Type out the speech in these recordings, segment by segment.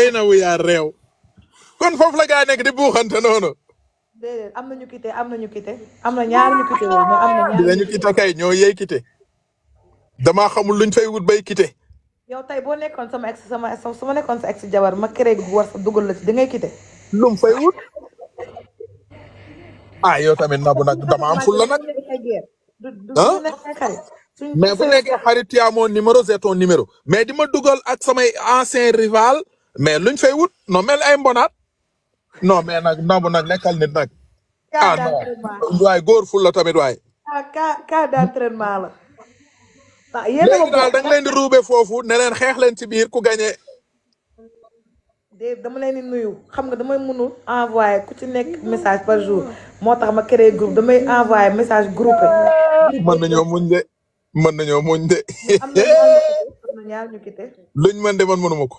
ey na wu yaa réew kon foofu la gaa nekk di buuxante noonu. am na ñu quitté am na ñu quitté am na ñaar ñu quitté woon am na ñaar dinañu quitté kay ñoo yey quitté damaa xamul luñ fay wut bay quitté. yow tey boo nekkoon sama ex sama sama nekkoon sa ex jabar ma créé bu war dugal la ci da ngay quitté. lum fay wut. Ah, yow tamit nabu nag dama am ful la nag. ah. mais bu nekkee xarit yaa numéro c'est ton numéro mais di ma dugal ak samay ancien rival mais luñ fay wut non mel ay mbonaat non mais nag ndambu nag nekkal nit nag. ah non waaye góor ful la tamit waaye. ka ah, ka cas d'entraînement la. ah yéen a leen di ruube foofu ne leen xeex leen ci biir ku dama leen di nuyu xam nga damay mënul envoyé ku ci nekk message par jour moo tax ma créé groupe damay envoyé message groupé. mën nañoo muñ de. mën na ñaar ñu quitté. luñ mën de man mënuma ko.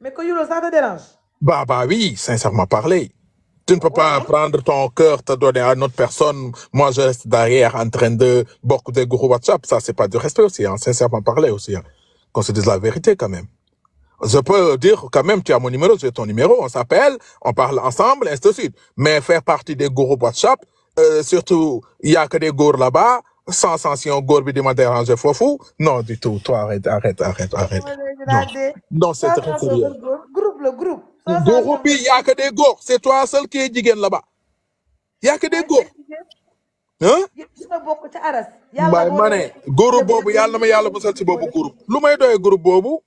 mais que Yulo ça te dérange. bah bah oui sincèrement parler. tu ne peux pas prendre ton cœur te donner à une autre personne moi je reste derrière en train de bokk des groupes WhatsApp ça c'est pas du respect aussi hein sincèrement parler aussi hein qu'on se dise la vérité quand même. je peux dire quand même tu as mon numéro j'ai ton numéro on s'appelle on parle ensemble ainsi de suite mais faire partie des groupes WhatsApp euh, surtout il y a que des góor là-bas. sensation góor bi di ma déranger foofu non du tout toi arrête arrête arrête arrête non non c'est très sérieux bi y a que des góor c'est toi seul qui est jigéen là-bas y a que des góor ah. bokk ci ma ne groupe boobu yàlla ma yàlla musal ci boobu lu may doyee groupe boobu.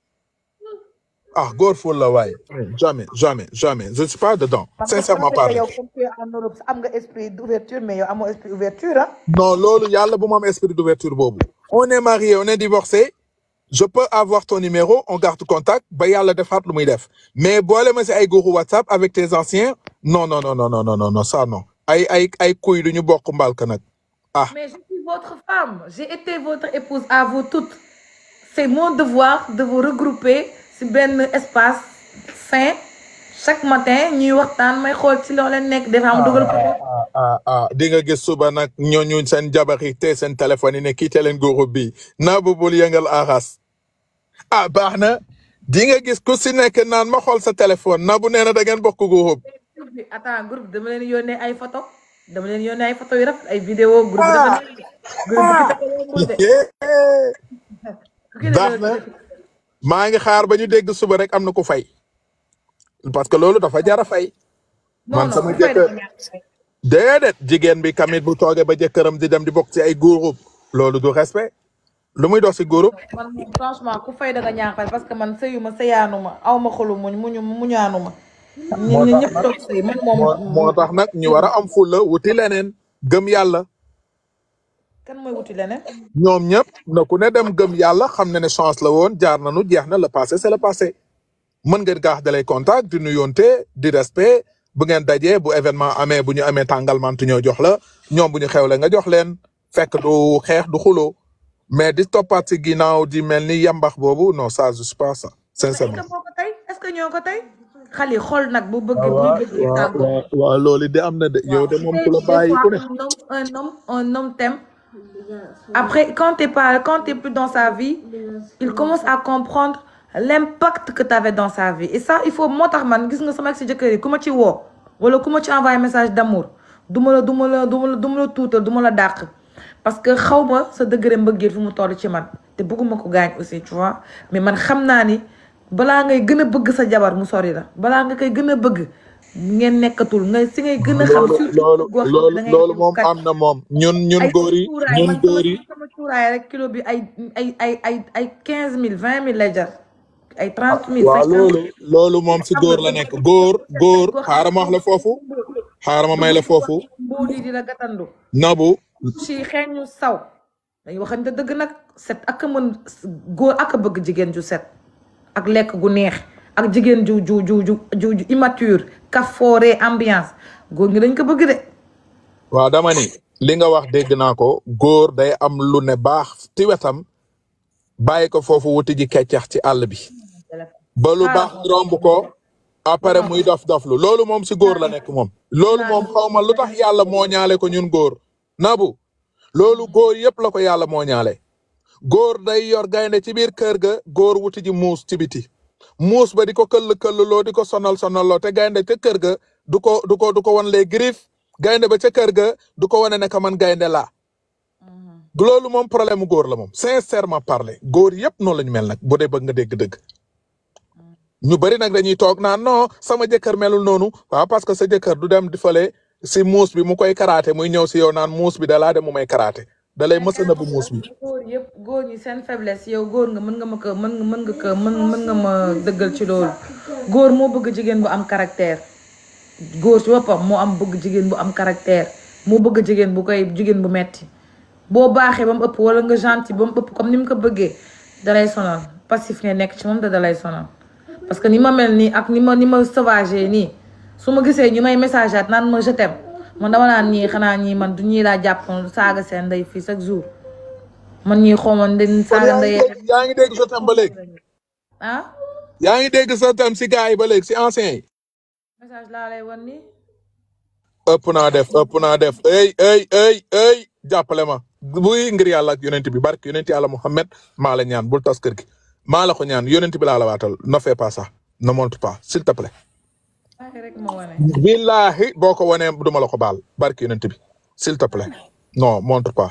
ah góor ful la waaye. jamais jamais jamais je ne suis pas dedans. sincèrement parlé parce que yow comme en Europe d'ouverture mais yow amoo d'ouverture ah? non loolu yàlla bu ma d'ouverture boobu. on est marié on est divorcé je peux avoir ton numéro on garde contact ba yàlla defaat lu muy mais boole ma si ay góoru WhatsApp avec tes anciens non non non non non non non non ça ay ay ay kuy du ñu bokk ah. mais je suis votre femme j'ai été votre épouse à vous toutes c'est mon devoir de vous regrouper. benn espace sain chaque matin ñuy waxtaan may xool ci loo leen nekk des fois mu dugal ko. Ah, ah, ah, di nga gis suba nag ñooñu seen jabar yi te seen téléphone yi ne kii te leen bi naa bubul yëngal aaxas ah baax na di nga gis ku si nekk naan ma xool sa téléphone na bu nee na da ngeen bokk góorub. attends groupe dama leen yónnee ay photo dama leen yónnee ay photo yu rafet ay vidéo groupe dafa nekk groupe baax maa ngi xaar ba ñu dégg suba rek am na ku fay parce que loolu dafa jar a fay. man sama jigéen bi kamit bu toogee ba jëkkëram di dem di bokk ci ay groupe loolu du respect lu muy dox ci groupe. man franchement ku fay da ñaax fay parce que man sëyuma sëyaanuma aw ma xolu muñ muñu muñaanuma. moo tax nag moo tax nag ñu war a am fulla wuti leneen gëm yàlla. kan mooy wuti leneen. ñoom ñëpp na ku dem gëm yàlla xam na ne chance la woon jaar nañu jeex na le passé c'est le passé mën ngeen gaax dalay contact di nuyonte di respect bu ngeen dajee bu événement amee bu ñu amee tàngalmant ñoo jox la ñoom bu ñu xewle nga jox leen fekk du xeex du xuloo mais di toppaat si ginnaaw di mel ni yambax boobu non sa je suis pas ça sincèrement. est que ñoo xali xool nag bu bëgg. Ah, waaw waaw de am de yow de moom ku Après, quand tu n'es plus dans sa vie, il commence à comprendre l'impact que tu avais dans sa vie. il faut moo tax man gis nga sama ex jëkkër yi ku ma ci woo wala ku ma ci envoyé message d'amour du ma la du la du ma la du ma tuutal du ma la dàq parce que xaw ma sa degré mbëggeel fu mu toll ci man te bëgguma ko gaañ aussi tu mais man xam naa ni balaa ngay gën a bëgg sa jabar mu sori la balaa nga koy gën a bëgg ngeen nekkatul nga si ngay gën xam. loolu loolu loolu moom am na moom. ñun ñun góor yi ñun góor yi rek kilo bi ay ay ay ay ay quinze mille vingt mille lay jar. ay trente moom si góor la nekk góor góor xaaral ma wax la foofu xaaral ma may la foofu mbuudi di la gatandu nabu si xeeñu saw dëgg nag set ak mën góor ak a bëgg jigéen ju set ak lekk gu neex ak jigéen ju ju ju ju ju immature kafoore ambiance góor ñi dañ ko bëgg de. waaw dama ni li nga wax dégg naa ko góor day am lu ne baax ci wetam bàyyi ko foofu wuti ji keccax ci àll bi. ba lu baax ah. romb ko. après ah. muy dof doflu loolu moom si góor la ah. nekk moom. loolu moom xaw ma lu tax yàlla moo ñaale ko ñun góor. nabu loolu góor yëpp la ko yàlla moo ñaale. góor day yor gaynde ci biir kër ga góor wuti ji muus ci biti. muus ba di ko këll këlluloo di ko sonal sonalloo te gaynde ca kër ga du ko du ko du ko wan les griffes gaynde ba ca kër ga du ko wane ne ka man gaynde laa du mm-hmm. loolu moom problème mu góor la moom sincèrement parler góor yëpp noonu la ñu mel nag bu dee bëgg nga dégg-dëgg mm-hmm. ñu bëri nag dañuy toog naan non sama jëkkër melul noonu waaw parce que sa jëkkër du dem difale si muus bi mu koy karaate muy ñëw si yow naan muus bi dalaa de mu may da lay mës a nëbb muus mi. góor yëpp góor ñi seen faiblesse yow góor nga mën nga ma ko mën mën nga ko mën mën ma dëggal ci loolu góor moo bëgg jigéen bu am caractère góor ci boppam moo am bëgg jigéen bu am caractère moo bëgg jigéen bu koy jigéen bu metti boo baaxee ba mu ëpp wala nga gentil ba mu ëpp comme ni mu ko bëggee dalay sonal passif ne nekk ci moom te dalay sonal parce que ni ma mel nii ak ni ma ni ma sauvage nii su ma gisee ñu may message at naan ma je man dama naan ñii xanaa ñii man du ñii laa jàpp saaga seen ndey fii chaque jour man ñii xaw ma dañuy yaa ngi dégg sa ba léegi. ah. yaa ngi dégg sa si gars yi ba léegi si anciens yi. message laa lay naa def ëpp naa def ey ey ey ey jàppale buy ngir yàlla ak yonent bi barke yonent yàlla Muhammad maa la ñaan bul tas kër gi maa la ko ñaan yonent bi laa la waatal ne pas ça ne monte pas s'il te plaît. Ah, billaahi boo ko wanee duma la ko baal barki yonent bi s'il te plaît non montre pas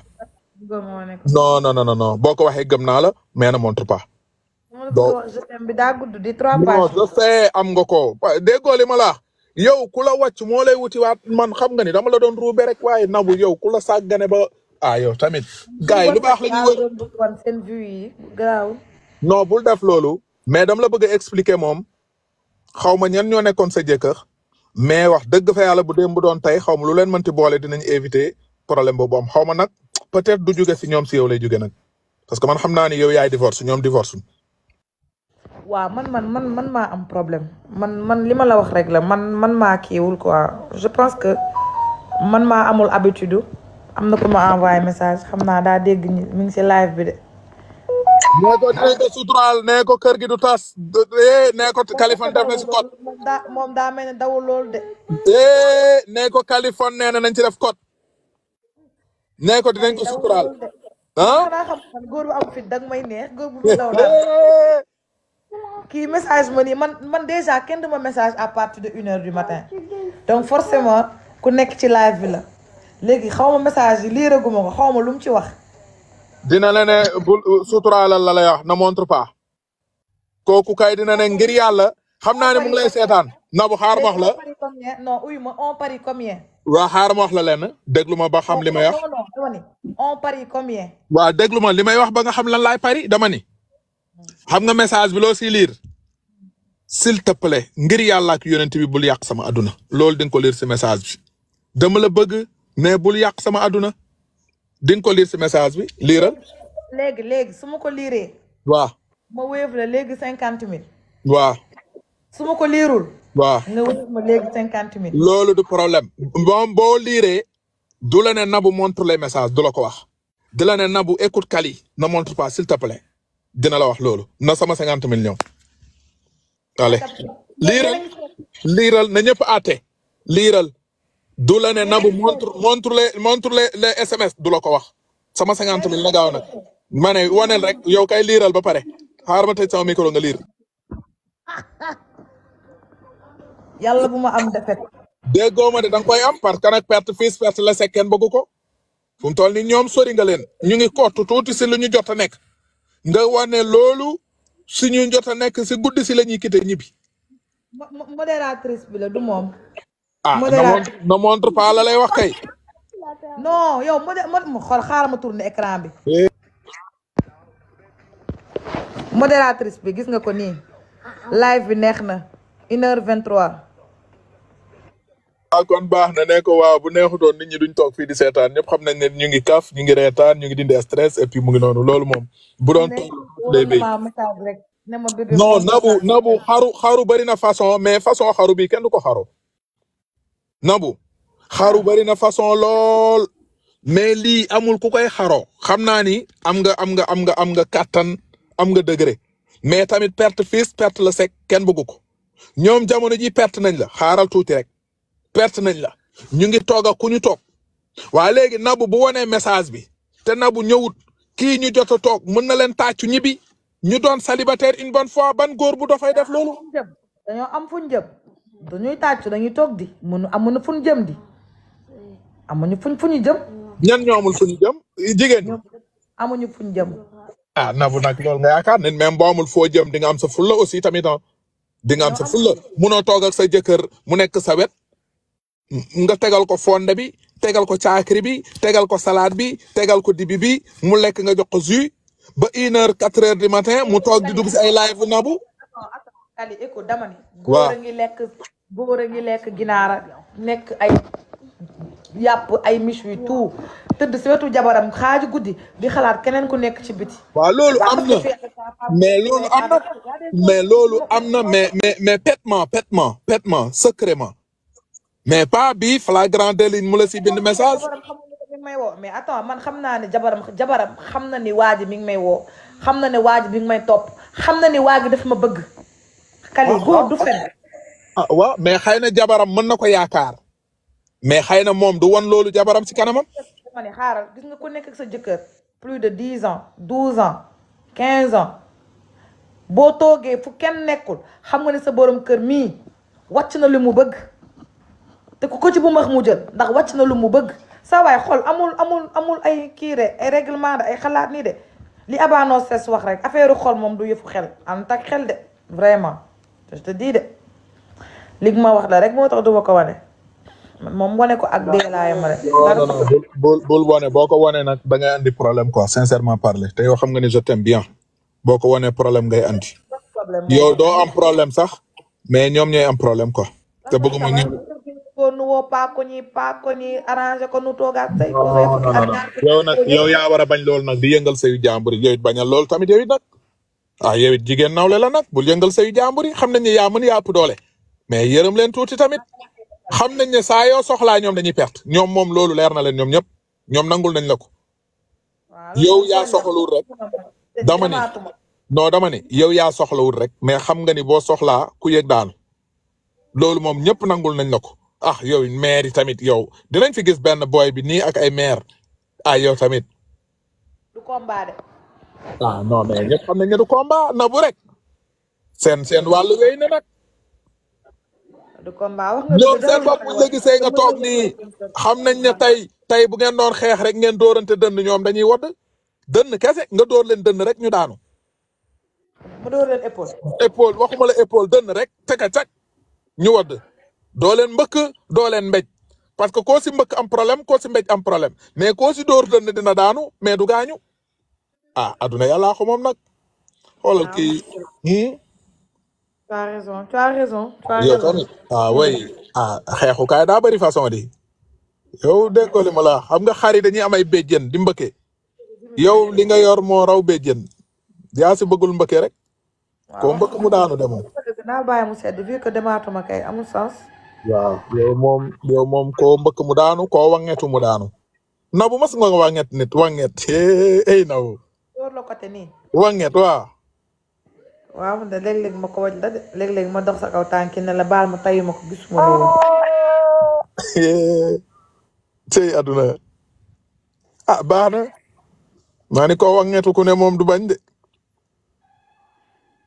non non non non boo ko waxee gëm naa la mais na montre pas donc je sais am nga ko déggoo li yow ku la wàcc moo lay wuti man xam nga ni dama la doon ruube rek waaye nabu yow ku la sàggane ba ah tamit gars yi lu baax la ñuy bul def loolu mais dama la bëgg a expliquer moom xaw ma ñan ñoo nekkoon sa jëkkër mais wax dëgg fa yàlla bu démb doon tey xaw ma lu leen man ti boole dinañ éviter problème boobu am xaw ma nag peut-être du jóge si ñoom si yow lay jóge nag parce que man xam naa ni yow yaay divorce ñoom divorce. waaw man man man man maa am problème man man li ma la wax rek la man man maa kiiwul quoi je pense que man maa amul habitude am na ku ma envoyé message xam naa daa dégg ñu mi ngi si live bi de. nee ko dinañ ko suturaal nee ko kër gi du tas eh nee ko Kaliphone def na si moom daa mel ne dawul loolu de. eh nee ko Kaliphone nee na nañ ci def code. nee ko dinañ ko suturaal. xam nga góor bu am fit dag may neex góor bu daw daal. kii message ma nii man man déjà kenn du ma message à partir de une heure du matin donc forcément ku nekk ci live bi la léegi xaw ma message yi liiraguma xaw ma lu mu ci wax. dina la ne bul uh, suturaalal la lay wax na montre pas kooku kay dina ne ngir yàlla xam naa ne mu ngi lay seetaan na xaar ma wax la non uy ma waa xaar ma wax la lenn déglu ma ba xam li may wax on parie combien déglu ma li may wax ba nga xam lan laay pari dama ni xam nga message bi loo si liir s'il te plaît ngir yàlla ak yonent bul yàq sama aduna loolu di nga ko liir si message bi dama la bëgg ne bul yàq sama aduna di nga ko message bi liiral. léegi léegi su ma ko liiree. waaw. ma wéev la léegi cinquante mille. waaw. su ma ko liirul. waaw nga wéev loolu du problème moom boo liiree. du la ne Nabou montre les messages du la ko wax. di la ne Nabou écoute Kali ne montre pas s'il te dina la wax loolu na sama cinquante mille ñëw. allez liiral na ñëpp àtte liiral. du la ne na montre montre les montre les SMS du la ko wax sama cinquante mille na gaaw nag ma ne waneel rek yow kay liiral ba pare xaaral ma tëj sama micro nga liir. yàlla bu ma am defet. déggoo ma ne da koy am parce que nag perte fii perte la sekk kenn bëggu ko fu mu toll ni ñoom sori nga leen ñu ngi kottu tuuti si lu ñu jot a nekk nga wane loolu suñu jot a nekk si guddi si la ñuy quitté ñibbi. modératrice bi la du moom. ah ne montre pas la lay wax yow modé mo xool bi. Eh. modératrice bi gis nga ko nii. live bi neex na une heure vingt trois. waaw ah, kon baax na ne ko waaw bu neexutoon nit ñi duñ toog fii di seetaan ñëpp xam nañ ne ñu ngi kaf ñu ngi reetaan ñu ngi dindi stress et puis mu ngi noonu loolu moom. bu doon toog nabu nabu xaru xaru bari na façon mais façon xaru bi kenn du ko xaru. nabu xaru ah. bari na façon lool mais lii amul ku koy xaroo xam naa ni am nga am nga am nga am nga kàttan am nga degré mais tamit perte fis perte la sec kenn bëggu ko ñoom jamono ji perte nañ la xaaral tuuti rek perte nañ la ñu ngi toog ak ku ñu toog waa léegi nabu bu wanee message bi te nabu ñëwut kii ñu jot a toog mën na leen tàccu ñibbi ñu doon célibataire une bonne fois ban góor bu dafay def loolu. am fu ñu dañuy tàccu dañuy toog di mënu amuñu fu ñu jëm di amuñu fuñ fu ñu jëm. ñan ñoo amul fu ñu jigéen ñi. amuñu fu ñu jëm. ah Nabou nag loolu nga yaakaar ne même boo amul foo jëm di nga am sa fulla aussi tamit ah. di nga am sa fulla munoo toog sa jëkkër mu nekk sa wet nga tegal ko fonde bi tegal ko caakiri bi tegal ko salade bi tegal ko dibi bi mu lekk nga jox ko jus ba une heure quatre heures du matin mu toog di dugg si ay live ali écho dama ni ngi lekk góor a ngi lekk ginaara nekk ay yàpp ay miche wi tout tëdd si wetu jabaram xaaju guddi di xalaat keneen ku nekk ci biti waaw loolu am mais loolu am mais loolu am na mais mais mais pétement pétement pétement mais pas bi flagrant délit mu la si bind message may woo mais attends man xam naa ne jabaram jabaram xam na ni waa ji mi ngi may woo xam na ne waa ji may topp xam na ni waa ji daf ma bëgg kali ah, góor du fen ah mais xëy na jabaram mën na ko yaakaar mais xëy na moom du wan loolu jabaram si kanamam ma ne xaaral gis nga ku nekk sa jëkkër plus de dix ans douze ans quinze ans boo toogee fu kenn nekkul xam nga ne sa borom kër mii wàcc na lu mu bëgg te ku ko ci bu max mu jël ndax wàcc na lu mu bëgg sa waay xool amul amul amul ay kii de ay règlement de ay xalaat nii de li abanoo ses wax rek affaire xol moom du yëfu xel en tant xel de vraiment je de li ma wax la rek moo tax du ma ko wane man moom wane ko ak dee laa yemale. non bul bul wane boo ko wane nag da ngay andi problème ko sincèrement parler te yow xam nga ni je t'aime bien boo ko wane problème ngay andi. yow doo am problème sax mais ñoom ñooy am problème ko te bëgguma ñu. ko nuwoo paako ñi paako ñi arrangé ko nu toogaat say. yow nag yow yaa war a bañ loolu nag di yëngal sayu jàmbur yow it bañal loolu tamit yow it nag. ah yow it jigéen nawle la nag bul yëngal sayu jàmbur yi xam nañ ne yaa mën yaa ëpp doole mais yërëm leen tuuti tamit xam nañ ne saa yoo soxlaa ñoom dañuy perte ñoom moom loolu leer na leen ñoom ñëpp ñoom nangul nañ la ko. yow yaa soxlawul rek dama ni non dama ni yow yaa soxlawul rek mais xam nga ni boo soxlaa ku yëg daanu loolu moom ñëpp nangul nañ la ko ah yow maire yi tamit yow dinañ fi gis benn boy bi nii ak ay maire ah yow tamit. du ah xam ne du combat na bu rek seen seen wàllu wéy na nag. du combat wax nga ñoom seen bopp buñ la nga toog nii xam nañ ne tey tey bu ngeen noon xeex rek ngeen doorante dënn ñoom dañuy wadd dënn kese nga door leen dënn rek ñu daanu. mu door leen épaule. épaule waxuma la épaule dënn rek teka cak ñu wadd doo leen mbëkk doo leen mbéj parce que ko si mbëkk am problème ko si mbéj am problème mais koo si door dënn dina daanu mais du gaañu. ah aduna yàllaa ko moom nag. xoolal ah, kii. tu as raison tu as raison. tu as raison ah oui ah daa bëri façon di yow dégg li xam nga xar yi dañuy am ay béjjén di mbëkke yow li nga yor moo raw bagul yaa rek. waaw koo mbëkk mu daanu demoon. naa bàyyi mu sedd vu que mbëkk mu daanu koo wàññeetu mu daanu. nabu mas nga wàññeet nit wàññeet hey door la côté nii. wanget waaw. waaw de léeg-léeg ma ko waj de léeg-léeg ma dox sa kaw tànki ne la baal ma tayuma ko gisuma loolu. tey aduna ah baax na maa ni ko wangetu ku ne moom du bañ de.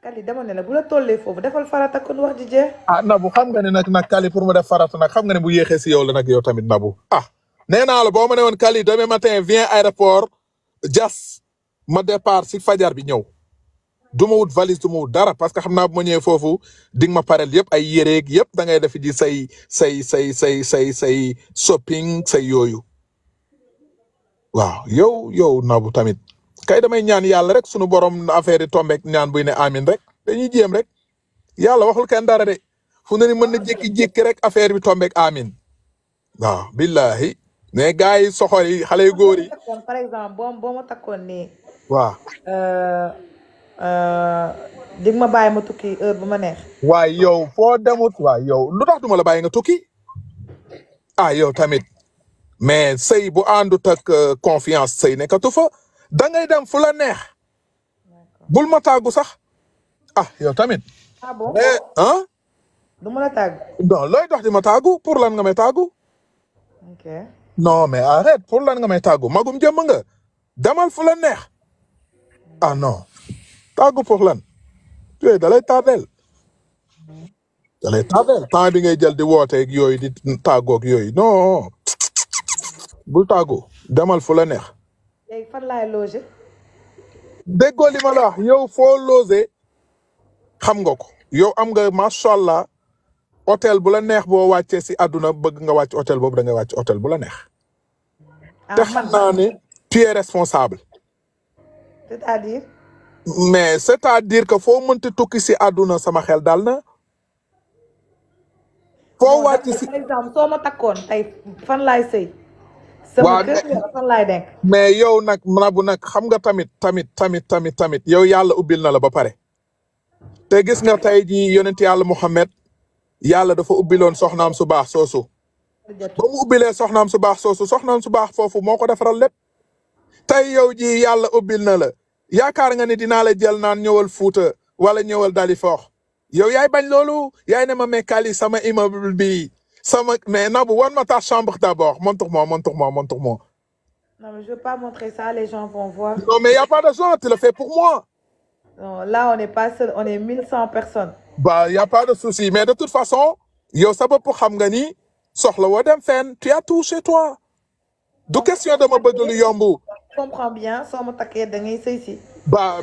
Kali dama ne la bu la tollee foofu defal farata kon wax ji jeex. Ah, Nabu xam nga ne nag nag Kali pour mu def farata nag xam nga ne bu yéexee si yow la nag yow tamit Nabu ah nee naa la boo ma ne woon Kali demain matin viens jas ma départ si fajar bi ñëw du ma wut valise du wut dara parce que xam na bu ma ñëwee foofu di nga ma pareel yëpp ay yéreeg yëpp da ngay def say say say say say say shopping say yooyu waaw yow yow Nabou tamit kay damay ñaan yàlla rek sunu borom affaire yi ñaan buy ne amin rek dañuy jéem rek yàlla waxul kenn dara de fu ne ni mën na jékki-jékki rek affaire bi tombeek amin waaw billahi mais gars yi soxor yi xale yu góor yi. waaw. Euh, euh, di nga ma bàyyi ma tukki neex. waaye yow foo demut waaye yow lu tax duma la bàyyi nga tukki ah yow tamit mais sëy bu àndut ak euh, confiance sëy nekkatu fa da ngay dem fu la neex bul ma tàggu sax ah yow tamit. ah bon ah. du ma la tàggu. non looy dox di ma tàggu pour lan nga may tàggu. ok mais arrête pour lan nga may tàggu magum jëmm nga demal fu la neex. ah no tàggu foofu lan yooyu da lay tardeel da temps bi ngay jël di wooteeg yooyu di tàggoog yooyu non bul tàggu demal fu la neex. léegi li ma la wax yow foo loger xam nga ko yow am nga macha allah hôtel bu la neex boo wàccee si àdduna bëgg nga wàcc hôtel boobu da nga wàcc hôtel bu la neex. Ah, te xam naa responsable. c'est-à-dire. mais c'est-à-dire que foo mënti tukki si àdduna sama xel dal na. foo waati si ma takkoon mais yow nag Nabou nag xam nga tamit tamit tamit tamit tamit yow yàlla ubbil na la ba pare. te gis nga tey jii yonent yàlla Muhammad yàlla dafa ubbiloon soxnaam su baax soosu. ba mu ubbilee soxnaam su baax soosu soxnaam su baax foofu moo ko defaral lépp. tey yow ji yàlla ubbil na la yaakaar nga ni dinaa la jël naan ñëwal Fuuta wala ñëwal Dalifort yow yaay bañ loolu yaay ne ma mekkali sama immeuble bi sama mais Nabou wan ma ta chambre d'abord montre-moi montre-moi montre-moi non mais je veux pas montrer ça les gens vont voir non mais y a pas de gens tu le fais pour moi non là on n'est pas seul on est mille cent personnes bah y a pas de souci mais de toute façon yow sa bopp xam nga ni soxla woo dem fenn tu as tout chez toi du question dama bëgg lu yomb comprends bien soo ma takkee da ngay sëy si. ba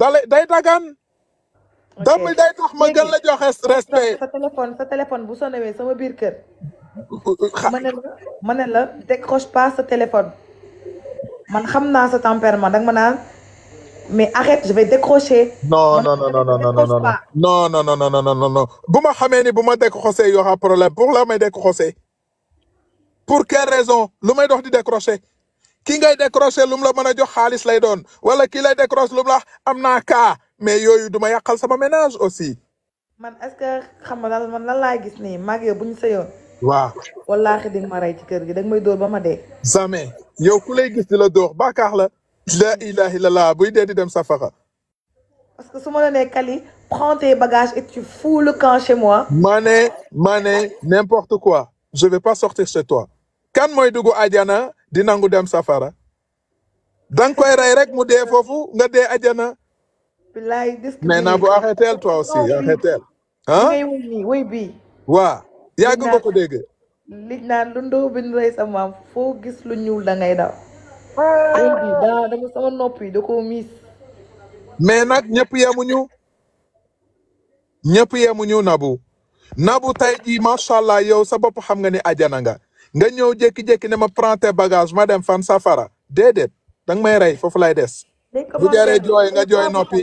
mais day dagan. damay day tax ma gën joxe respect. sa téléphone bu sonewee sama biir kër. ma la ma ne la décroche pas sa téléphone. man xam naa sa tempérament danga ma naan mais arrête je vais décrocher. non non non non non non non non non non bu ma xamee ni bu ma décroché y aura problème pour la may décroché. pour quelle raison lu may dox di décroché. ki ngay décrocher lu mu la mën jox xaalis lay doon wala ki lay décrocher lu mu la am naa kaa mais yooyu duma yàqal sama ménage aussi. man est-ce que xam nga man lan laa gis nii mag yow bu ñu sëyoon. waaw wallaahi di ma rey ci kër gi da nga may dóor ba ma dee. jamais yow ku lay gis di la dóor bàkkaar la. la ilaha illallah buy dee di dem safara. parce que su ma nee Kali prends tes bagages et le camp chez moi. ma ne ma ne quoi je vais pas sortir chez toi. kan mooy dugg àjjana. di nangu dem safara danga koy rey rek mu dee foofu nga dee ajana mais na bu arrêtel toi aussi arrêtel ah woy bi waa yàgg nga ko dégg li naan lu rey sa foo gis lu ñuul da ngay daw dama sama nopp yi da koo miis mais nag ñëpp yemuñu ñëpp yemuñu nabu nabu tey jii macha allah yow sa bopp xam nga ni ajana nga nga ñëw jékki ne ma prends bagage ma dem fan safara déedéet danga may rey foofu lay des. bu jaree jooy nga jooy noppi.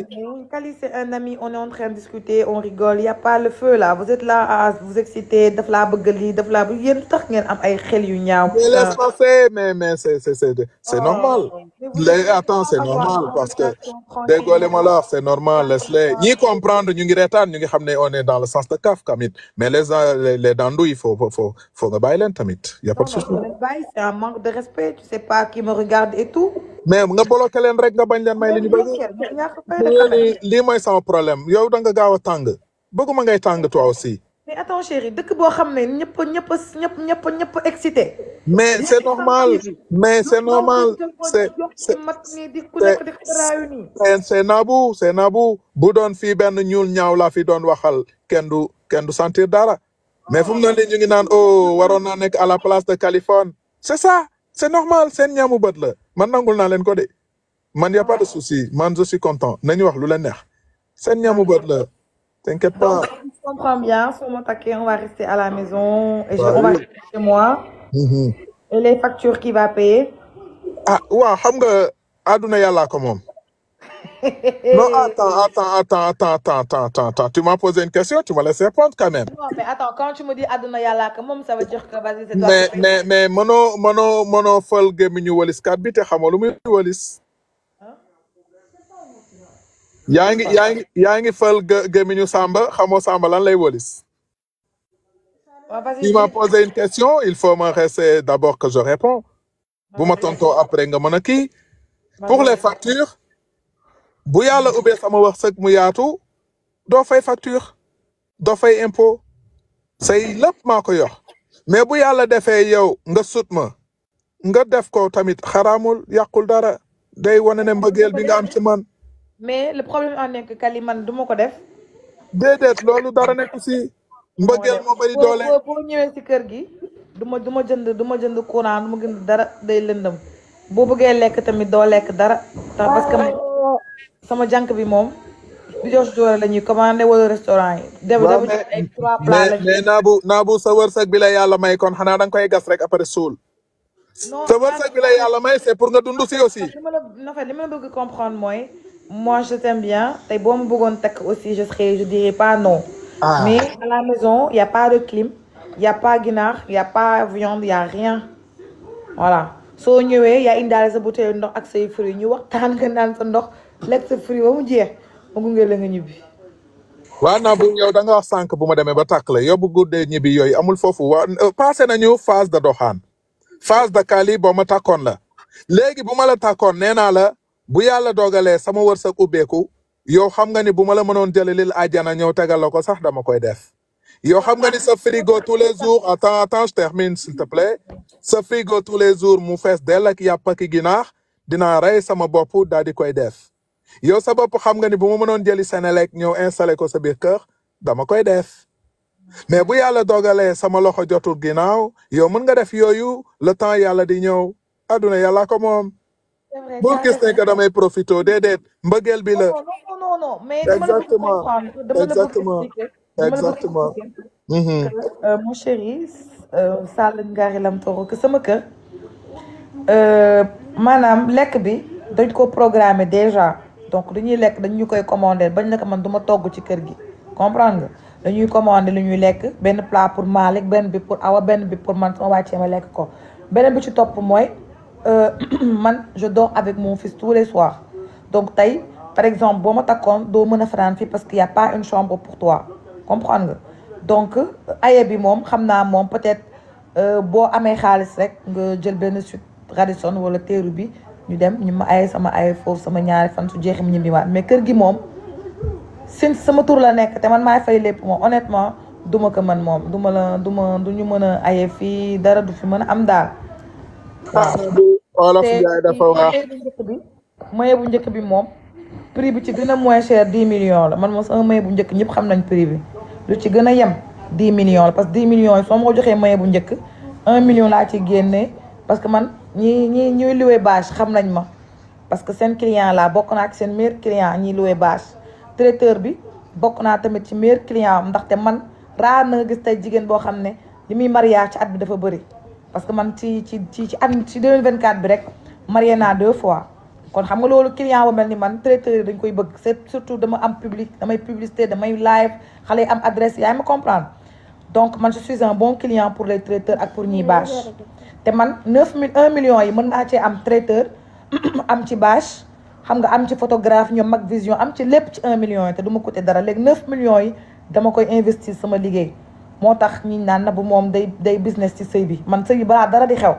Kali c'est un ami on est en train de discuter on rigole y a pas le feu là vous êtes là vous exciter daf laa bëgg lii daf laa bëgg am ay xel yu mais c'est oh. normal. les attends c'est normal parce que déggoo li ma la wax c'est normal laisse-les ñi comprendre ñu ngi reetaan ñu ngi xam ne on est dans le sens de Kaf tamit mais les les les nga bàyyi leen tamit a pas de souci. qui me regarde et tout. mais nga bloqué leen rek nga bañ. nañ leen may li ñu bëgg lii problème yow da nga gaaw a tàng bëgguma ngay tàng toi aussi. mais attends dëkk boo xam ne ñëpp ñëpp ñëpp ñëpp ñëpp excité. mais c' est normal mais c' est normal c' est c' est c' est nabu c' bu doon fii benn ñuul ñaaw laa fi doon waxal kenn du kenn du sentir dara. mais fu mu ne nii ñu ngi naan oh waroon naa nekk à la place de Californie. c' est ça c' seen ñaamu bët la man nangul naa leen ko man y' a pas de souci man je suis content nañu wax lu la neex seen ñaamu bët la t'inquiète pas. je comprends bien soo ma takkee on va rester à la maison. et je on va rester chez moi. Mm-hmm. et les factures qui va payer. ah waaw xam nga àdduna yàlla ko moom. non attends attends attends attends attends attends attends tu m'as posé une question tu me laisses répondre quand même. non mais attends quand tu me dis àdduna yàlla ko moom ça veut dire que vas-y c'est toi. mais mais mais mënoo mënoo mënoo fël gémmiñu walis kat bi te xamoo lu muy walis. yaa ngi yaa ngi yaa ngi fal gémiñu Samba xamoo Samba lan lay wolis il m'a une question il faut me rester d'abord que je réponds bu ma tontoo après nga mën a kii pour les factures bu yàlla ubbee sama wërsëg mu yaatu doo fay facture doo fay impôt say lépp maa ko yor mais bu yàlla defee yow nga sut nga def ko tamit xaraamul yàqul dara day wane ne mbëggeel bi nga am ci man mais le problème en est que Kali man du ko def. déedéet loolu dara nekk si. mbëggeel moo bëri doole ñëwee ci kër gi. duma ma jënd du jënd courant du ma jënd dara day lëndëm boo bëggee lekk tamit doo lekk dara. tax parce que sama janq bi moom. du jox si la ñuy commandé wala restaurant yi. dem dem ay trois plats la ñuy mais naabu naabu sa bi la yàlla may kon xanaa danga koy gas rek après suul. sa wërsëg bi yàlla may c'est pour nga dund si aussi. li ma la li ma bëgg comprendre mooy. moi je t'aime bien tey boo ma bëggoon takk aussi je serais je dirais pas non. Ah. mais à la maison ya a pas de clim y a pas ginaar y a pas viande y a rien voilà soo ñëwee ya indaale sa bouteille ndox ak say fruits ñu waxtaan nga naan sa ndox lekk sa fruit ba mu jeex mu gunge la nga ñibbi. waa naa bu yow da nga wax sànq bu ma demee ba tàkk la yóbbu guddee ñibbi yooyu amul foofu waa na ñëw phase de doxaan phase de kali boo ma tàkkoon la léegi bu ma la la. bu yàlla dogalee sama wërsëg ubbeeku yow xam nga ni bu ma la mënoon jëlee lil àjjana ñëw tegal ko sax dama koy def yow xam nga ni sa frigo tous les jours attends attends je termine s'il te plaît sa frigo tous les jours mu fees dell ak yàpp ak ginaax dinaa rey sama bopp daal di koy def yow sa bopp xam nga ni bu ma mënoon jëli Senelec ñëw installé ko sa biir kër dama koy def mais bu yàlla dogalee sama loxo jotul ginnaaw yow mën nga def yooyu le temps yàlla di ñëw adduna yàlla bul gis ne que damay profité déedéet mbëggeel bi la. non non non mais exactement exactement exactement. Mhm. Euh, mon chéri euh, Lam Toro que sama kër euh, maanaam lekk bi dañ ko programmer déjà donc dañuy lekk dañ ñu koy commander bañ na man du togg ci kër gi comprend nga dañuy commander lu ñuy lekk benn plat pour Malick benn bi pour Awa benn bi pour man sama wàccee ma lekk ko beneen bi ci topp mooy. Euh, man je dors avec mon fils tous les soirs donc tey par exemple boo ma takkoon doo mën a fanaan fii parce que y a pas une chambre pour toi comprendre nga donc euh, aye bi moom xam naa moom peut-être euh, boo amee xaalis rek nga jël benn suite Radisson wala teeru bi ñu dem ñu ma aye sama aye foofu sama ñaari fan su jeexim ñibbiwaat mais kër gi moom sin sama tour la nekk te man maay fay lépp moom honnêtement duma ko man moom duma la duma du ñu mën a aye fii dara du fi mën a am daal Ah, olof Ndiaye dafa wax maye bu njëkk bi moom prix bi ci gën a moins cher dix million la man moom sama maye bu njëkk ñëpp xam nañ prix bi lu ci gën a yem dix million la parce que dix million yi soo ma joxee maye bu njëkk un million laa ci génnee parce que man ñi ñi ñuy loué bâche xam nañ ma parce que seen client laa bokk naa ak seen meilleur client ñiy loué bâche traiteur bi bokk naa tamit ci meilleur client am ndaxte man raar na gis tey jigéen boo xam ne li muy mariage ci at bi dafa bëri parce que man ci ci ci ci at ci 2024 bi rek marié naa deux fois kon xam nga loolu client ba mel ni man traiteur dañ koy bëgg c'est surtout dama am public damay publicité damay live xale yi am adresse yaay ma comprendre donc man je suis un bon client pour les traiteur ak pour ñiy bâche te man 9000 1 million yi mën naa cee am traiteur am ci bâche xam nga am ci photographe ñoom mag vision am ci lépp ci 1 million yi te du ma coûté dara léegi 9 millions yi dama koy investir sama liggéey moo tax ñi naan na bu moom day day business ci sëy bi man sëy bi balaa dara di xew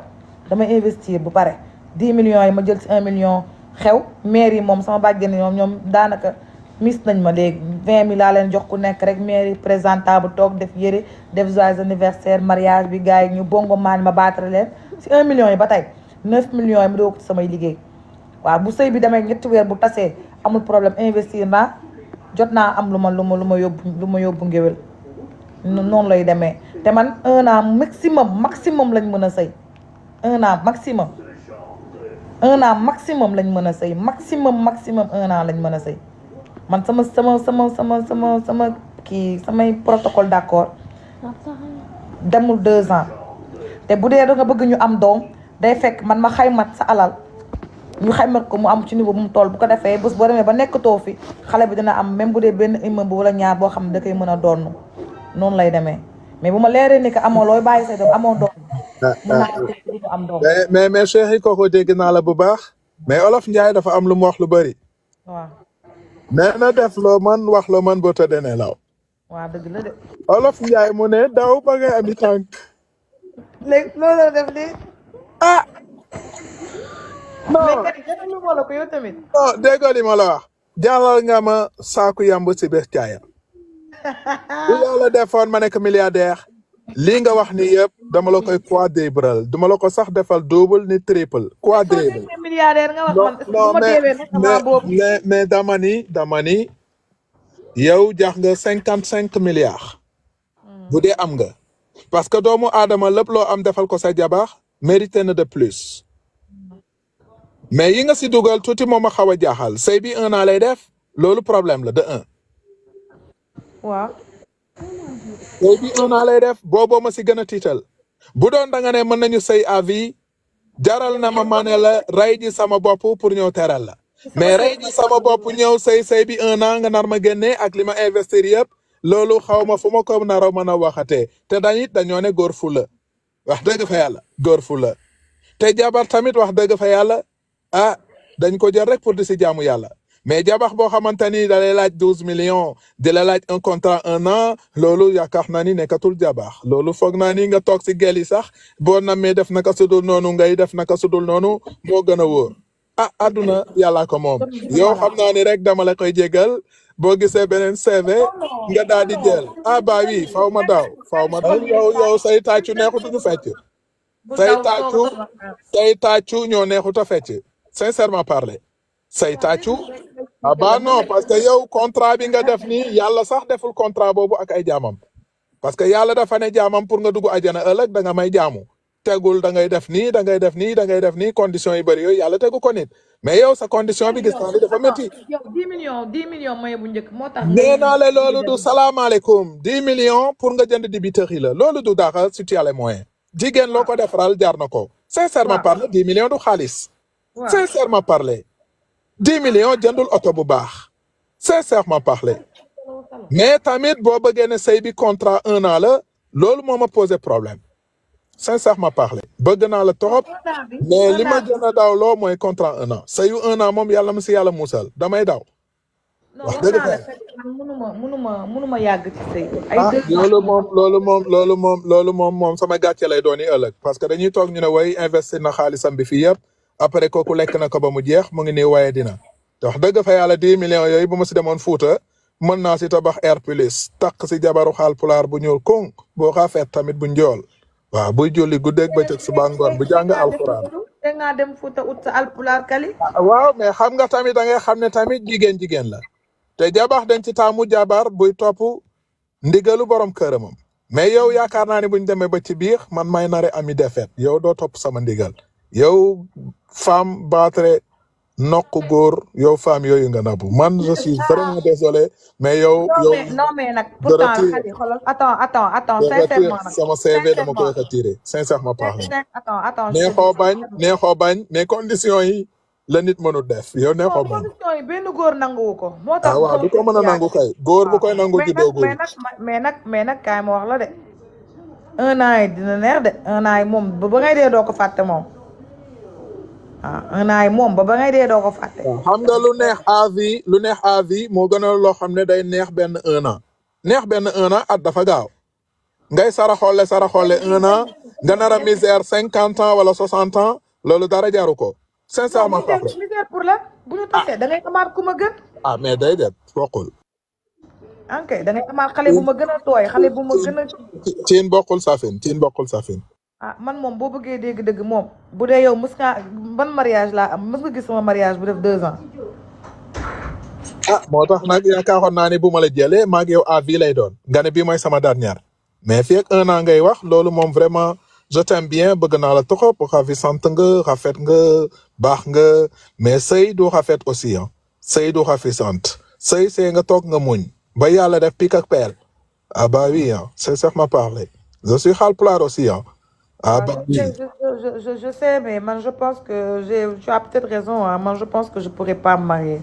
damay investir bu pare dix millions yi ma jël ci 1 million xew maire yi moom sama bàjjen ñoom ñoom daanaka mis nañ ma léegi vingt mille laa leen jox ku nekk rek maire yi présentable toog def yëre def joyeux anniversaire mariage bi gars yi ñu bongo maan ma baatare leen ci 1 million yi ba tey 9 million yi ma doog ci samay liggéey waaw bu sëy bi demee ñetti weer bu tasee amul problème investir naa jot naa am lu ma lu ma lu ma yóbbu lu ma yóbbu ngéwél noonu lay demee te man un an maximum maximum lañ mën a sëy un an maximum un an maximum lañ mën a sëy maximum maximum un an lañ mën a sëy man sama sama sama sama sama sama kii samay protocole d'accord demul deux ans te bu dee da nga bëgg ñu am doom day fekk man ma xaymat sa alal ñu xaymat ko mu am ci niveau bu mu tool bu ko defee bés boo demee ba nekkatoo fi xale bi dina am même bu dee benn immeuble wala ñaar boo xam ne da koy mën a doon noonu lay deme mais bu ma leeree ni que amoo looy bàyyi say amoo doom. Ah, mën naa ah, di ko am doom. mais mais mais Cheikh yi bu baax. mais Olof Ndiaye dafa am lu mu wax lu bëri. waaw. nee na def loo man wax loo man boo tëddee ne law. de. Olof Ndiaye mu daw ba ngay ami tànk. léegi loolu la la ah! ko yow tamit. non déggoo ma la wax. jàllal saaku yàmb si caaya. bu yàlla defoon ma nekk milliardaire lii nga wax ni yëpp dama la koy quadruple dama la ko sax defal double ni triple quadruple non mais mais dama ni dama ni yow jax nga cinquante cinq milliards hmm. bu am nga parce que doomu aadama lépp loo am defal ko sa jabar mérité na de plus mais yi nga si dugal tuuti moom a xaw a jaaxal sëy bi un an lay def loolu problème la de un wa tey jii un an lay def booboo ma si gën a tiital bu doon da ne mën nañu sëy à vie jaral na ma ma ne la rey ji sama bopp pour ñëw teral la mais rey sama bopp ñëw sëy sëy bi un an nga nar ma génnee ak li ma investir yëpp loolu xaw ma fu ma ko nara mën a waxatee te dañit dañoo ne góor fu wax dëgg fa yàlla góor fu te jabar tamit wax dëgg fa yàlla ah dañ ko jël rek pour di si jaamu yàlla mais jabax boo xamante ni dalay laaj douze million di la laaj un contrat un an loolu yaakaar naa ni nekkatul jabax loolu foog naa ni nga toog si gel yi sax boo namee def naka sudul noonu ngay def naka sudul noonu moo gën a wóor ah àdduna yàlla ko moom yow rek dama la koy jégal boo gisee beneen CV nga daal di jël ah, ba oui faw ma daaw faw ma daaw yow yow say tàccu neexut ñu say tàccu say tàccu ñoo neexut a fec sincèrement parler say tàccu ah ba non parce que yow contrat bi nga def nii yàlla sax deful contrat boobu ak ay jaamam parce que yàlla dafa ne jaamam pour nga dugg àjjana ëllëg da may jaamu tegul da ngay def nii da ngay def nii da ngay def nii condition yu bëri yooyu yàlla tegu ko nit mais yow sa condition bi gis naa ni dafa métti. yow 10 millions 10 millions mooy bu njëkk moo pour nga jënd dibitëri la loolu du dara si tu as les moyens. jigéen loo ko ah. defaral jaar na ko. sincèrement ah. parler 10 millions du xaalis. sincèrement parler. dix millions jëndul oto bu baax sincèrement parler mais tamit boo bëggee ne sëy bi contrat un an la loolu moo ma posé problème sincèrement parler bëgg naa la trop mais li ma gën a daaw loo mooy contrat un an sëyu moom yàlla ma si yàlla muusal damay daw wax dëgg fa mënuma mënuma mënuma yàgg ah, loolu moom loolu moom moom sama gàcce lay doon yi parce que dañuy toog ñu ne way investir na xaalisam bi fii yëpp après kooku lekk na ko ba mu jeex mu ngi nii waaye dina te wax dëgg fa yàlla dix millions yooyu bu ma si demoon Fuuta mën naa si tabax Hercules takk si jabaru xaal pulaar bu ñuul koŋ boo xaa feet tamit bu njool waaw buy julli guddeeg bëccëg su ba ngoon bu jàng alxuraan. da waaw mais xam nga tamit da ngay xam ne tamit jigéen jigéen la te jabax den ci taamu jabar buy topp ndigalu borom këramam mais yow yaakaar naa ne buñ demee ba ci biir man may nare ami defet yow doo top sama ndigal. yow femme baatre nokk góor yow femme yooyu nga napp man je suis ah. vraiment désolé mais yow. yow non mais nag pourtant xale xoolal attends attends attends sincèrement nag sama CV dama koy retiré sincèrement parlé. attends yi la nit mënut def yow neexoo bañ. conditions yi benn ko. moo tax ah, waaw nangu kay. góor bu koy nangu ah, juddoo góor. mais nag mais nag mais kaay ma wax la de. un an yi dina ba ngay dee doo ko fàtte moom. Ah, un an yi moom ba ba ngay dee xam nga lu neex à lu neex à vie moo gën loo xam ne day neex benn un an neex benn un an at dafa gaaw ngay saraxolle saraxolle un an nga nar cinquante ans wala soixante ans loolu dara jaru ko. sincèrement papa misère pour la bu ñu tasee da ngay amaat ku ma ah, day dem bokkul. Ah, ok da ngay amaat xale bu ma gën a tooy xale bu ma gën a. tiin bokkul safin tiin bokkul safin. ah man moom boo bëggee dégg dëgg moom bu dee yow mës ngaa ban mariage laa am mës nga gis mariage bu def deux ans. ah moo tax nag yaakaaroon naa ne bu ma la jëlee maa ngi yow à lay doon nga ne bii mooy sama dernière mais fii ak un an ngay wax loolu moom vraiment je bien bëgg naa la trop xafi sant nga rafet nga baax nga mais sëy du rafet aussi ah sëy du xafi nga toog nga muñ ba yàlla def pique ak peel ah bah ma parler je suis Haalpulaar aussi ah Ah, euh, bah, oui. je, je, je, je, sais, mais man, je pense que tu as raison. je pense que je ne pas marier.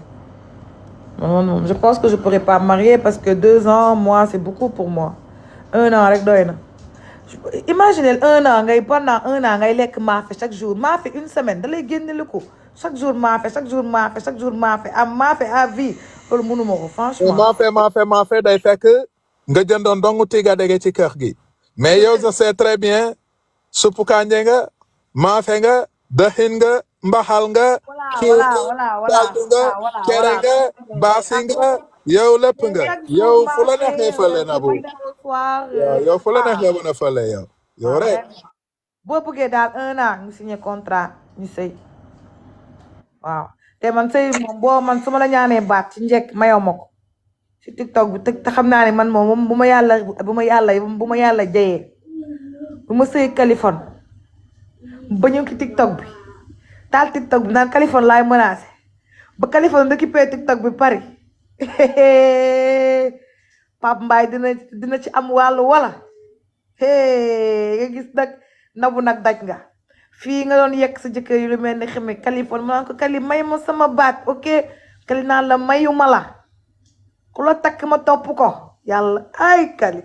je pense que je ne pourrais pas marier parce que deux ans, moi, c'est beaucoup pour moi. Un an avec Doyen. Imaginez un an, pendant un an, il est que chaque jour. M'a fait une semaine, d'aller gagner le coup. Chaque jour, m'a fait, chaque jour, m'a fait, chaque jour, m'a fait, à m'a fait à vie. Pour le monde, franchement. M'a fait, m'a fait, m'a fait, d'ailleurs, que, nga jëndon dongu tiga dege ci kër gi mais yow je sais très bien suppu kànje nga maafe nga daxin nga mbaxal nga kiir nga daldu nga kere nga baasi nga yow lépp nga yow fu la fële na bu yow fu la neexee fële yow yow ah. ah, rek boo bëggee daal un an ñu signé contrat ñu sëy waaw te man sëy moom boo man su ma la ñaanee baat ci njëkk mayoo ma ko ci tiktok xam naa ne man moom bu ma yàlla bu ma yàlla bu ma yàlla jayee bu ma sëy Californie ba ñëw ci bi taal TikTok bi naan Californie lay menacé ba Californie récupéré TikTok bi Paris Pape Mbaye dina dina ci am wàllu wala nga gis nag nabu nag daj nga fii nga doon yekk sa jëkkër yu lu mel ni xeme Californie ma ko Cali may ma sama baat ok Cali naan la mayu ma la ku la takk ma topp ko yàlla ay Cali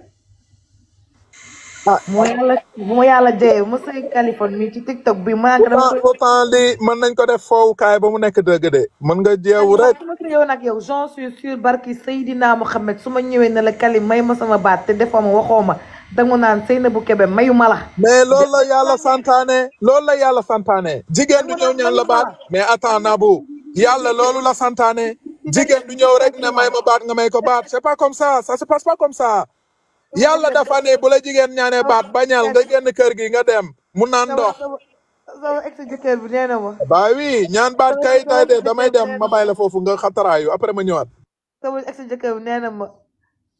ah mu yàlla mu yàlla jëyee monsieur Californie mi ci TikTok bi. maa ngi doon pourtant nañ ko def foowukaay ba mu nekk dëgg de. mën nga jeewu rek man ma yow nag yow j'en suis sûr barki Seydina Mohamed su ma ñëwee ne la Kali may ma sama baat te defoo ma waxoo ma dangu naan Seynabou Kébé mayu ma la. mais loolu la yàlla santaane. loolu la yàlla santaane. jigéen du ñëw ñaan la baat. mais attends Nabou loolu la santaane. jigéen ñëw rek ne may ma baat nga may ko baat c'est comme ça ça comme ça. yàlla dafa ne bu la jigéen baat bañaal nga génn kër gi nga dem mu naan ndox. sama ex jëkkër bi nee na ma. ba ñaan baat kay tay de damay dem ma bàyyi la foofu nga xataraayu après ma ñëwaat. sama ex jëkkër bi nee na ma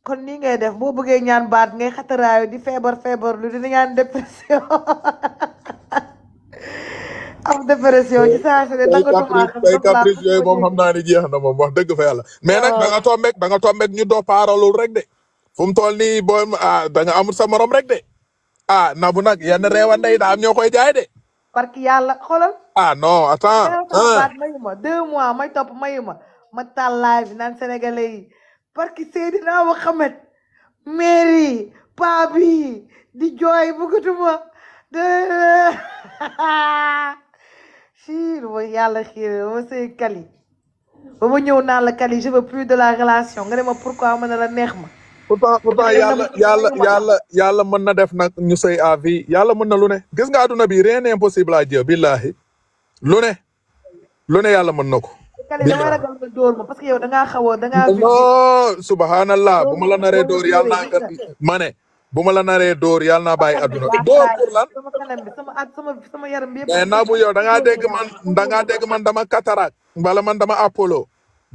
kon nii ngay def boo bëggee ñaan baat ngay xataraayu di feebar feebar lu di ñaan dépression am dépression ci de naka tey caprice yooyu moom xam naa ni jeex na moom wax dëgg fa yàlla. mais nag ba nga tombeek ba ñu doo paaralul rek de. fu mu toll nii booy ah da nga amul sa morom rek de ah nabu nag yenn reewande yi daa am ñoo koy jaay de. parce que yàlla xoolal. ah non attends. Ah. mayu ma deux mois may topp mayu ma ma tàllaay bi naan sénégalais yi parce que Seydina Mohamed mairie paa bi di jooy bëggatuma de xiir ma yàlla xiir ma say kali ba ma ñëw naan la kali je veux plus de la relation nga ne ma pourquoi ma ne la neex ma. pourtant pourtant yàlla yàlla yàlla yàlla mën na def nag ñu sëy à vie yàlla mën na lu ne gis nga àdduna bi rien n'est impossible à Dieu billahi lu ne lu ne yàlla mën na ko parce que yow subhanallah bu ma la naree dóor yàlla naa nga ma ne bu ma la naree dóor yàlla naa bàyyi àdduna dóor pour lan da ngaa dégg man da dégg man dama cataracte wala man dama apollo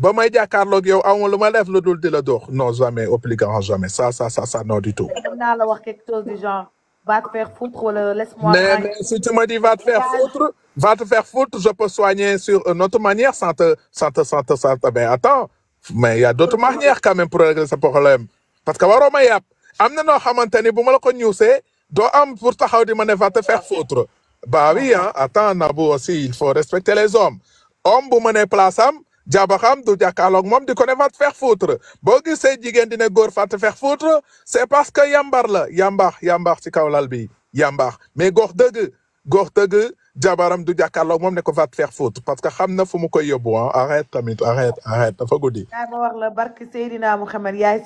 ba may jàkkaarloog yow aw ma lu ma def lu dul di la dox non jamais obligant jamais ça ça ça ça non du tout. naa la wax quelque chose du genre. va te faire foutre wala laisse-moi. mais mais si tu me dis va te faire foutre. va te faire foutre je peux soigner sur une autre manière sans te sans te sans te sans te mais attends mais y a d'autres manières quand même pour régler ce problème parce que waroo ma yàpp am na noo xamante ni bu ma la ko ñuusee doo am pour taxaw di ma ne va te faire foutre. bah oui hein attends Nabou aussi il faut respecter les hommes homme bu ma nee place am jabaram du jàkkaarloog moom di ko ne fat fex foutre boo gisee jigéen di ne góor fat fex foutre c'est parce que yambar la yambax yambax ci kaw lal bi yambax mais gox dëgg gox dëgg jabaram du jàkkaarloog moom ne ko fat fex foutre parce que xam na fu mu koy yóbbu ah arrête tamit arrête arrête dafa guddi. yaa ma wax la barki Seydina Mouhamed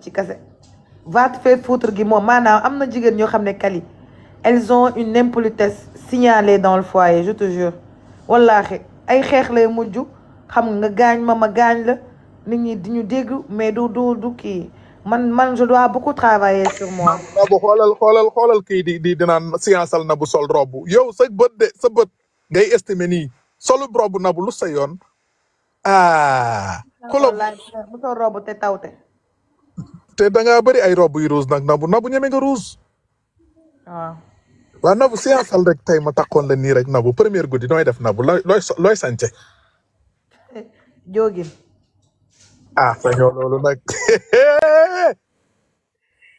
ci kase. fat fex foutre gi moom maanaam am na jigéen ñoo xam ne kali elles ont une impolitesse signalée dans le foyer je te jure ay xeex lay mujj xam nga gaañ ma ma gaañ la nit ñi di ñu dégg mais du du du kii man man je dois beaucoup travailler sur moi. nabu xoolal xoolal xoolal kii di di dinaan science na bu sol robu yow sa bët de sa bët ngay estimé nii solub robu nabu lu sa yoon ah. xoolal bu sol robu te taw te. te da ngaa ay robu yu ruus nag nabu nabu ñeme nga ruus. waaw Nabou siyaasal rek tey ma takkoon le nii rek Nabou première guddi nooy def Nabou looy looy looy sànce. joogin. ah sañoo loolu nag.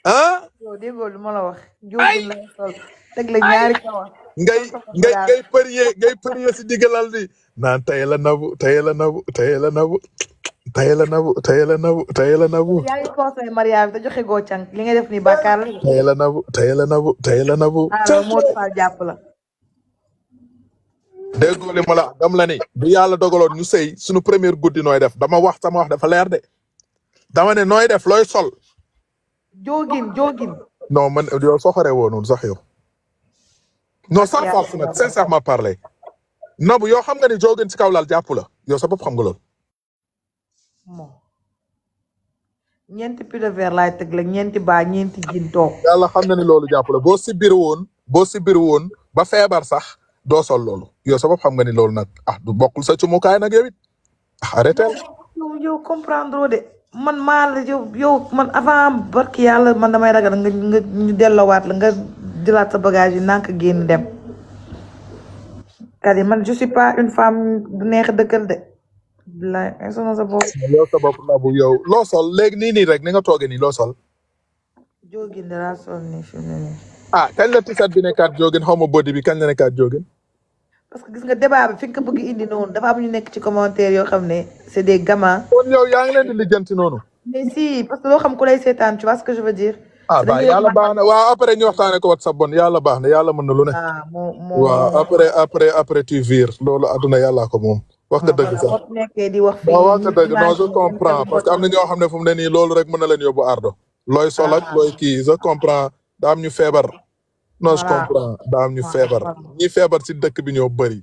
ah. yow déggoo lu ma la wax. joogin lay sol teg la ñaari kawa. ngay ngay ngay përiyee ngay përiyee si diggalal bi naan tey la Nabou tey la Nabou tey la Nabou. tayela nabu tayela nabu tayela nabu. yaa ngi conseillé mariage bi te joxe goo càng li nga def nii bàkkaar la. tayela nabu tayela nabu tayela nabu. alors ah, Modou Fall jàpp la. déggoo li ma la dam la ni. bu yàlla dogaloon ñu sëy suñu première guddi nooy def dama wax sama wax dafa leer de. dama ne nooy def looy sol. joogin joogin. non man yow soxore woonoon sax yow. non sans force nag sincèrement parler. nabu yoo xam nga ni joogin si kaw laal jàpp la yow sa bopp xam nga loolu. moom ñeenti pull vert laay tëgle ñeenti baa ñeenti gin toog xam na ni loolu jàppale boo si biir woon boo si biir woon ba feebar sax doo sol loolu yow xam nga ni loolu nag ah du bokkul sa cumukaay nag yow it ah arrêté yow yow comprendre de man maa yo man avant barki yàlla man damay ragal nga nga ñu delloowaat la nga jëlaat sa bagage yi nank génn dem kat man je suis pas une femme bu neex dëkkal de bilaay ay sonal sa bopp. yow sa yow loo sol léegi nii nii rek ni nga toogee nii loo sol. joogin dara sol nii fi mu ne ah kañ la tisat bi nekkaat joogin xaw ma kañ la nekkaat joogin. parce que gis nga débat bi fi nga indi noonu dafa am ñu nekk ci commentaire yoo xam ne c'est des gamins. kon yow yaa leen di lijjanti noonu. mais si parce que xam ku lay seetaan tu vois que je veux dire. ah ba yàlla baax na waaw après ñu waxtaanee ko WhatsApp yàlla baax na yàlla mën na lu ne. ah moo moo waaw après après après tu vires loolu adduna yàlla ko moom. wax nga dëgg sax waaw wax nga dëgg non je comprends parce que am na ñoo xam ne fu mu ne rek mën na leen yóbbu ardo looy sol ak ah. looy kii je comprends daa am ñu feebar non je comprends daa am ñu feebar ñi feebar si dëkk bi ñoo bëri